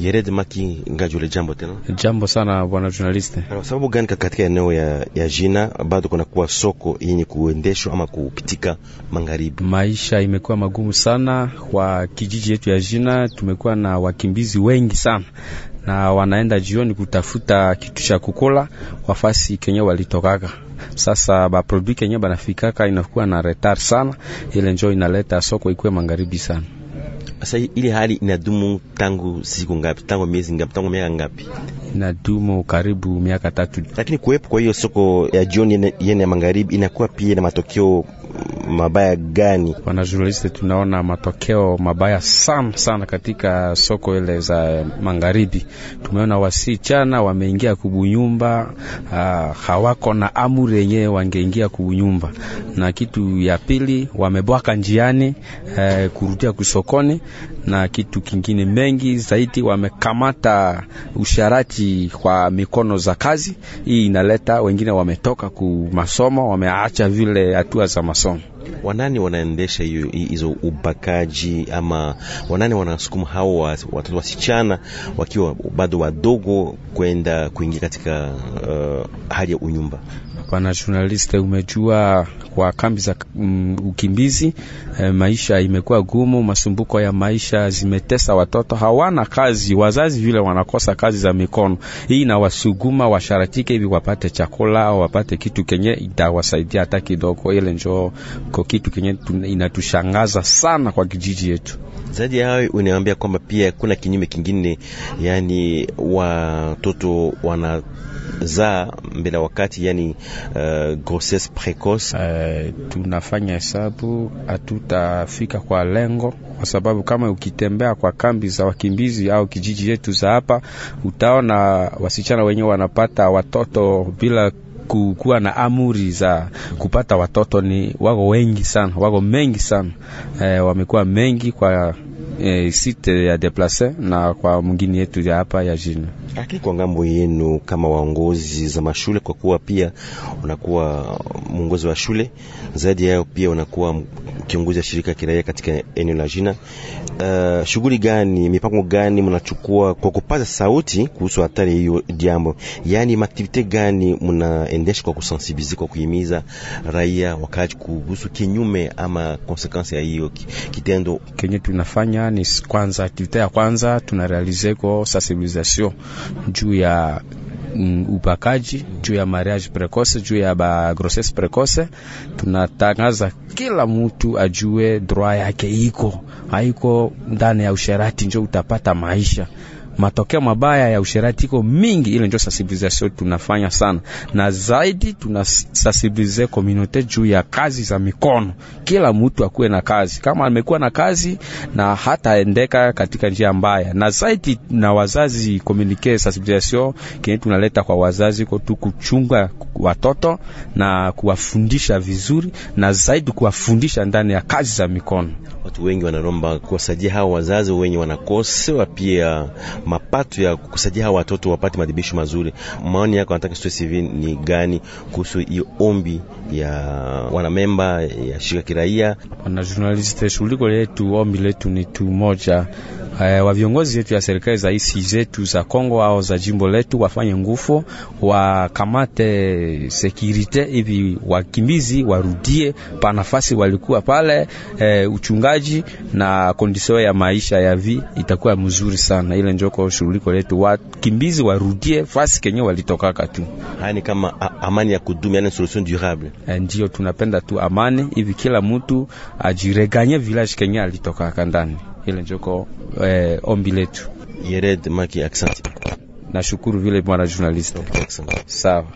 Yered Maki Ngajule, jambo tena. Jambo sana bwana journaliste. Kwa sababu gani katika eneo ya, ya jina bado kuna kuwa soko yenye kuendeshwa ama kupitika magharibi? Maisha imekuwa magumu sana kwa kijiji yetu ya jina, tumekuwa na wakimbizi wengi sana na wanaenda jioni kutafuta kitu cha kukula wafasi kenye walitokaka. Sasa ba produit kenye banafikaka inakuwa na retard sana, ile njoo inaleta soko ikuwe magharibi sana. Sasa ile hali inadumu tangu siku ngapi? Tangu miezi ngapi? Tangu miaka ngapi? Inadumu karibu miaka tatu. Lakini kuwepo kwa hiyo soko ya jioni yene ya magharibi inakuwa pia na matokeo mabaya gani? Wana journaliste, tunaona matokeo mabaya sana sana katika soko ile za magharibi. Tumeona wasichana wameingia kubunyumba, uh, hawako na amuri yenye wangeingia kubunyumba. Na kitu ya pili wamebwaka njiani, uh, kurudia kusokoni, na kitu kingine mengi zaidi wamekamata usharati kwa mikono za kazi. Hii inaleta wengine wametoka ku masomo, wameacha vile hatua za masomo wanani wanaendesha hiyo hizo ubakaji ama wanani wanasukuma hao watoto wasichana wakiwa bado wadogo kwenda kuingia katika uh, hali ya unyumba? kwa nationaliste. Umejua, kwa kambi za um, ukimbizi e, maisha imekuwa gumu, masumbuko ya maisha zimetesa watoto, hawana kazi, wazazi vile wanakosa kazi za mikono. Hii inawasuguma washaratike hivi wapate chakula, au wapate kitu kenye itawasaidia hata kidogo. Ile njoo kitu kenye inatushangaza sana kwa kijiji yetu. Zaidi ya hayo, unaambia kwamba pia kuna kinyume kingine, yani watoto wanazaa mbele wakati, yani uh, grossesse precoce. Uh, eh, tunafanya hesabu hatutafika kwa lengo, kwa sababu kama ukitembea kwa kambi za wakimbizi au kijiji yetu za hapa, utaona wasichana wenye wanapata watoto bila kukuwa na amuri za kupata watoto. Ni wako wengi sana, wako mengi sana, eh, wamekuwa mengi kwa e, site ya deplase na kwa mwingine yetu ya hapa ya jini Lakini kwa ngambo yenu kama waongozi za mashule, kwa kuwa pia unakuwa mwongozi wa shule, zaidi yao pia unakuwa kiongozi wa shirika kiraia katika eneo la jina, uh, eh, shughuli gani, mipango gani mnachukua kwa kupaza sauti kuhusu hatari hiyo jambo? Yaani maaktivite gani mnaendesha kwa kusensibiliza, kwa kuhimiza raia wakati kuhusu kinyume ama konsekansi ya hiyo kitendo kenye tunafanya ni kwanza, aktivite ya kwanza tunarealizeko ko sensibilisation juu ya mm, upakaji juu ya mariage precoce juu ya ba grossesse precoce. Tunatangaza kila mtu ajue droit yake iko haiko ndani ya usherati, njo utapata maisha matokeo mabaya ya usherati iko mingi. Ile ndio sensibilisation tunafanya sana, na zaidi tunasensibilize community juu ya kazi za mikono. Kila mtu akuwe na kazi, kama amekuwa na kazi na hataendeka katika njia mbaya, na zaidi na wazazi communique sensibilisation kile tunaleta kwa wazazi kwa tu kuchunga watoto na kuwafundisha vizuri, na zaidi kuwafundisha ndani ya kazi za mikono. Watu wengi wanaomba kuwasajia hao wazazi wenye wanakosewa pia mapato ya kusajia hawa watoto wapate madibisho mazuri. Maoni yako anataka sio CV ni gani kuhusu hiyo ombi ya wanamemba ya shirika kiraia na journalist? Shughuli letu ombi letu ni tu moja, e, wa viongozi wetu ya serikali za isi zetu za Kongo au za jimbo letu wafanye nguvu, wakamate sekirite hivi wakimbizi warudie pa nafasi walikuwa pale, e, uchungaji na kondisio ya maisha ya vi itakuwa mzuri sana ile njoo kwa shughuliko letu, wakimbizi warudie fasi kenye walitokaka tu. ni kama amani ya kudumu, yani solution durable, e, ndio tunapenda tu amani hivi, kila mtu ajireganye village kenye alitokaka ndani. Ile njoko eh, ombi letu. Yered maki accent. Nashukuru vile bwana journalist. Sawa.